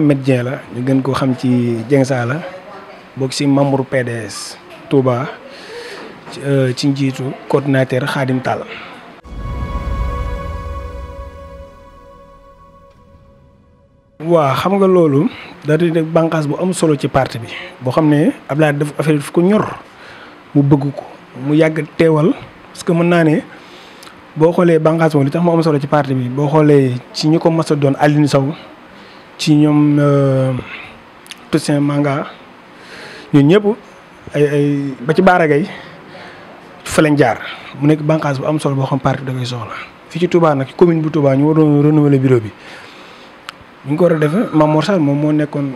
Ahmed Dieng la ñu gën koo xam ci Dieng Saala bokk si membre PDS Touba euh, ci njiitu coordinateur Khadim Tall. waaw xam nga loolu da di nekk bànqaas bu am solo ci parti bi boo xam ne Abdoulaye def affaire daf ko ñor mu bëgg ko mu yàgg teewal parce que mën naa ne boo xoolee bànqaas moom li tax mu am solo ci parti bi boo xoolee ci ñi ko mas a doon Alioune Sow ci ñoom euh, Toussaint Manga ñoom ñëpp ay ay ba ci Baara Gaye fa lañ jaar mu nekk bànqaas bu am solo boo xam parti da koy soxla fii ci Touba nag commune bu Touba ñu waroon renouveler bureau bi ñu ngi ko war a defee Mamour Sall moom moo nekkoon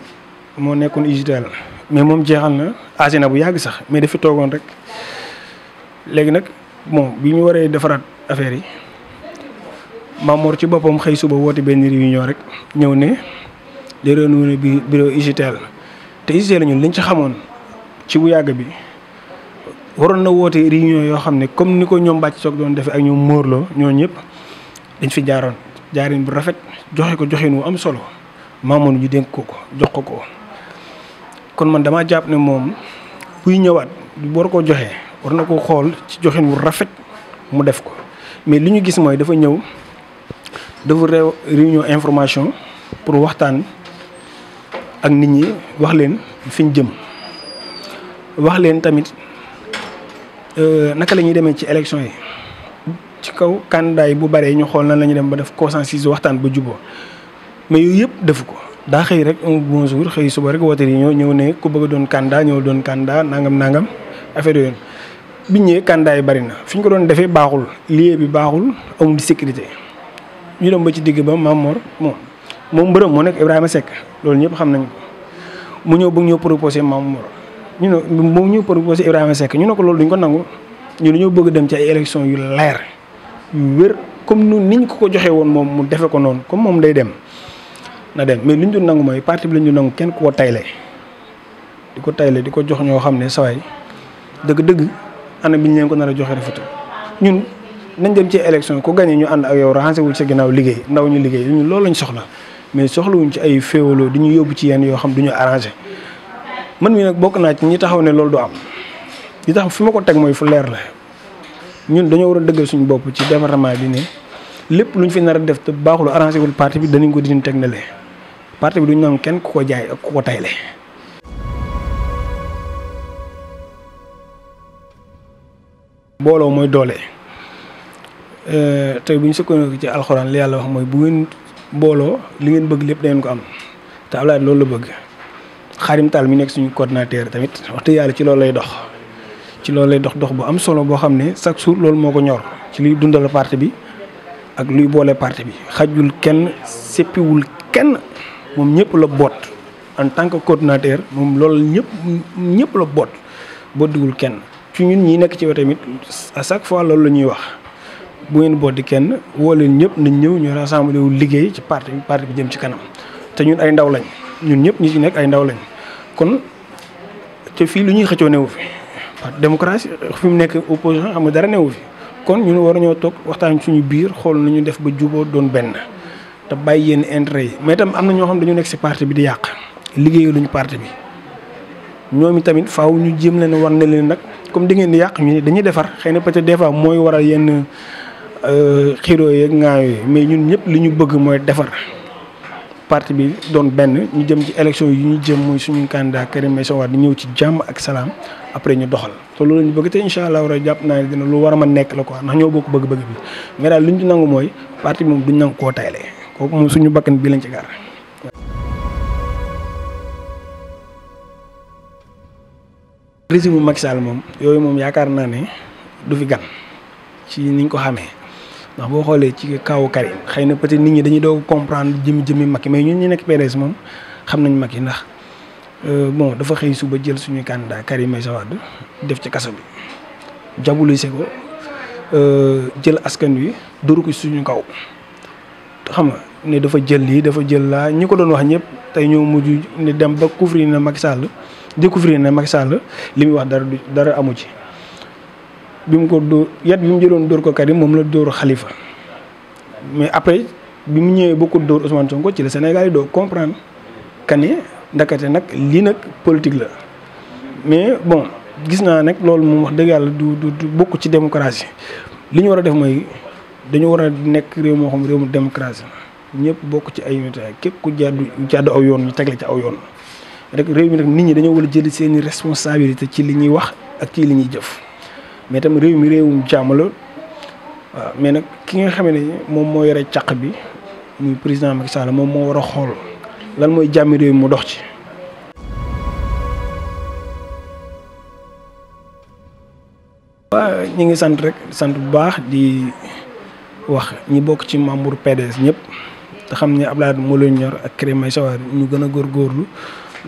moo nekkoon UGTL mais moom jeexal na agé bu yàgg sax mais dafa toogoon rek léegi nag bon bi ñu waree defaraat affaire yi Mamour ci boppam xëy suba woote benn réunion rek ñëw ne. di renouveler bi bureau UGTEL te UGTEL ñun liñ ci xamoon ci bu yàgg bi waroon na woote réunion yoo xam ne comme ni ko ñoom bàcc soog doon defee ak ñoom móorloo ñoo ñëpp dañ fi jaaroon jaarin bu rafet joxe ko joxin wu am solo maamoon ñu dénk ko ko jox ko ko kon man damaa jàpp ne moom buy ñëwaat war koo joxe war na ko xool ci joxin wu rafet mu def ko mais li ñu gis mooy dafa ñëw dafa réunion information pour waxtaan ak nit ñi wax leen fi ñu jëm wax leen tamit euh, naka la ñuy demee ci élection yi ci kaw candidat yi bu baree ñu xool na la dem ba def consensus waxtaan ba juboo mais yëpp defu ko daa xëy rek un bon jour xëy suba rek woote yi ñoo ñëw ne ku bëgg doon kandaa ñëw doon kandaa nangam nangam affaire yooyu biñ ñëwee candidat yi bari na fi ñu ko doon defee baaxul lieu bi baaxul amul sécurité ñu dem ba ci digg ba Mamor moom. moom mbërëm moo nekk Ibrahima Seck loolu ñëpp xam nañ ko mu ñëw bëgg ñoo proposé Maam Mor ñu ne moom ñu proposé Ibrahima Seck ñu ne ko loolu duñ ko nangu ñu dañoo bëgg dem ci ay élection yu leer yu wér comme ni ñu ko ko joxee woon moom mu defe ko noonu comme moom day dem na dem mais li ñu doon nangu mooy parti bi la ñu nangu kenn ku ko tayle di ko tayle di ko jox ñoo xam ne sawaay dëgg-dëgg ana bi ñu leen ko nar a joxe rafetul ñun nañ dem ci élection ku gagné ñu ànd ak yow raxase wul sa ginnaaw liggéey ndaw ñu liggéey ñu loolu lañ soxla mais soxlawuñ ci ay féewaloo di ñu yóbbu ci yenn yoo xam du ñu arrangé man mi nag bokk naa ci ñi taxaw ne loolu du am li tax fi ma ko teg mooy fu leer la ñun dañoo war a dëggal suñu bopp ci département bi ne lépp luñ fi nar a def te baaxul arrangé wul parti bi danañ ko dindi teg na le parti bi duñ naan kenn ku ko jaay ak ku ko tayle booloo mooy doole te euh, tey bu na sukkandiku ci alxuraan li yàlla wax mooy bu ngeen mbooloo li ngeen bëgg lépp da ngeen ko am te loolu la bëgg Xarim Tall mi nekk suñu coordinateur tamit wax yàlla ci loolu lay dox. ci loolu lay dox dox bu am solo boo xam ne chaque jour loolu moo ko ñor ci luy dundal parti bi ak luy boole parti bi xajul kenn seppiwul kenn moom ñëpp la boot en tant que coordinateur moom loolu ñëpp ñëpp la boot boddugul kenn ci ñun ñi nekk ci wa tamit à chaque fois loolu la ñuy wax. bu ngeen boot di kenn woo leen ñëpp nañ ñëw ñu rassemblé wu liggéey ci parti parti bi jëm ci kanam te ñun ay ndaw lañ ñun ñëpp ñu ci nekk ay ndaw lañ kon te fii lu ñuy xëccoo newu fi parti démocratie fi mu nekk opposition xam nga dara newu fi kon ñu ñun war nañoo toog waxtaan suñu biir xool nañu def ba juboo doon benn te bàyyi yenn intérêt yi mais itam am na ñoo xam dañu nekk si parti bi di yàq liggéeyu luñu parti bi ñoom tamit faaw ñu jéem leen wan ne leen nag comme di ngeen di yàq ñu ne dañuy defar xëy na peut-être des fois mooy waral yenn Euh, xiroo yeeg ŋaayoo mais ñun ñëpp li ñu bëgg mooy defar parti bi doon benn ñu jëm ci élection yi ñu jëm mooy suñu candidat Karim Meïssa Wade di ñëw ci jàmm ak salaam après ñu doxal te la ñu bëgg te incha allah war jàpp naa ne lu war a nekk la quoi ndax ñoo bokk bëgg-bëgg bi mais daal li ñu nangu mooy parti bi moom duñ koo taylee kooku moom suñu bakkan bi lañ ci gar régime Macky Sall moom yooyu moom yaakaar naa ne du fi gan ci niñ ko xamee ndax boo xoolee ci kaw Karim xëy na peut-être nit ñi dañuy doog comprendre jëmi jëmi Macky mais ñun ñu nekk PDS moom xam nañu nañ Macky ndax euh, bon dafa xëy suba jël suñu candidat Karim may Wade def ci kaso bi jabulise ko euh, jël askan wi duru ko suñu kaw xam nga ne dafa jël lii dafa jël laa ñi ko doon wax ñëpp tey ñoo mujj ne dem ba couvrir na Macky Sall découvrir na mag sàll li muy wax dara dara amu ci. bi mu ko dóor yat bi mu jëloon dóor ko Karim moom la dóor Khalifa mais après bi mu ñëwee ba ko dóor Ousmane Sonko ci la Sénégal yi doo comprendre que ne ndakate nag lii nag politique la mais bon gis naa nag loolu moom wax dëgg yàlla du du bokk ci démocratie li ñu war a def mooy dañu war a nekk réew moo xam réew mu démocratie ñëpp bokk ci ay unité képp ku jàddu jàddu aw yoon ñu teg la ci aw yoon rek réew mi nag nit ñi dañoo war a jëli seeni responsabilité ci li ñuy wax ak ci li ñuy jëf. mais tam réew mi réewum jàmm la waaw mais nag ki nga xam ni moom moo yore càq bi muy président Macky Sall moom moo war a xool lan mooy jàmmi réew mu dox ci. waaw ñu ngi sant rek sant bu baax di wax ñi bokk ci membre PDS ñëpp te xam ne ab laa leen ñor ak Karim Meïssa Wade ñu gën a góorlu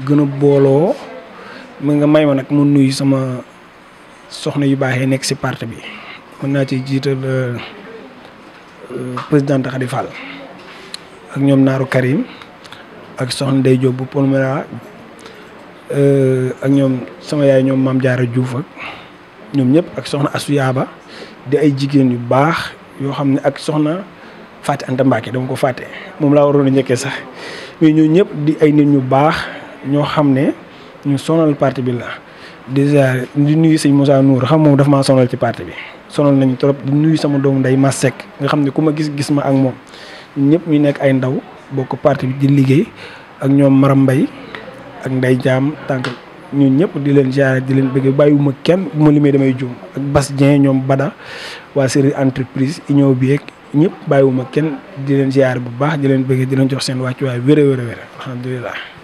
gën a booloo mi nga may ma nag mu nuyu sama. soxna yu baax nekk si parti bi mën naa ci jiital euh, euh, présidente Khady Fall ak ñoom Naaru Karim ak soxna day Diop bu Palmera euh, ak ñoom sama yaay ñoom Mame Diarra Diouf ak ñoom ñëpp ak soxna Assou Yaaba di ay jigéen yu baax yoo xam ne ak soxna fàtte Anta Mbacké dama ko fàtte moom laa waroon a njëkkee sax mais ñoo ñëpp di ay nit ñu baax ñoo xam ne ñu sonal parti bi la di di nuyu sëñ Moussa Nour xam moom daf maa sonal ci parti bi sonal nañu trop di nuyu sama doomu nday ma nga xam ne ku ma gis gis ma ak moom ñëpp ñu nekk ay ndaw bokk parti bi di liggéey ak ñoom Maram Mbay ak nday jaam tànk ñun ñëpp di leen ziare di leen bëgg bàyyiwuma kenn bu ma limee damay juum ak Bas Dieng ñoom Bada waa série entreprise union bi yeeg ñëpp bàyyiwuma kenn di leen ziare bu baax di leen bëgg di leen jox seen wàccuwaay wér a wér a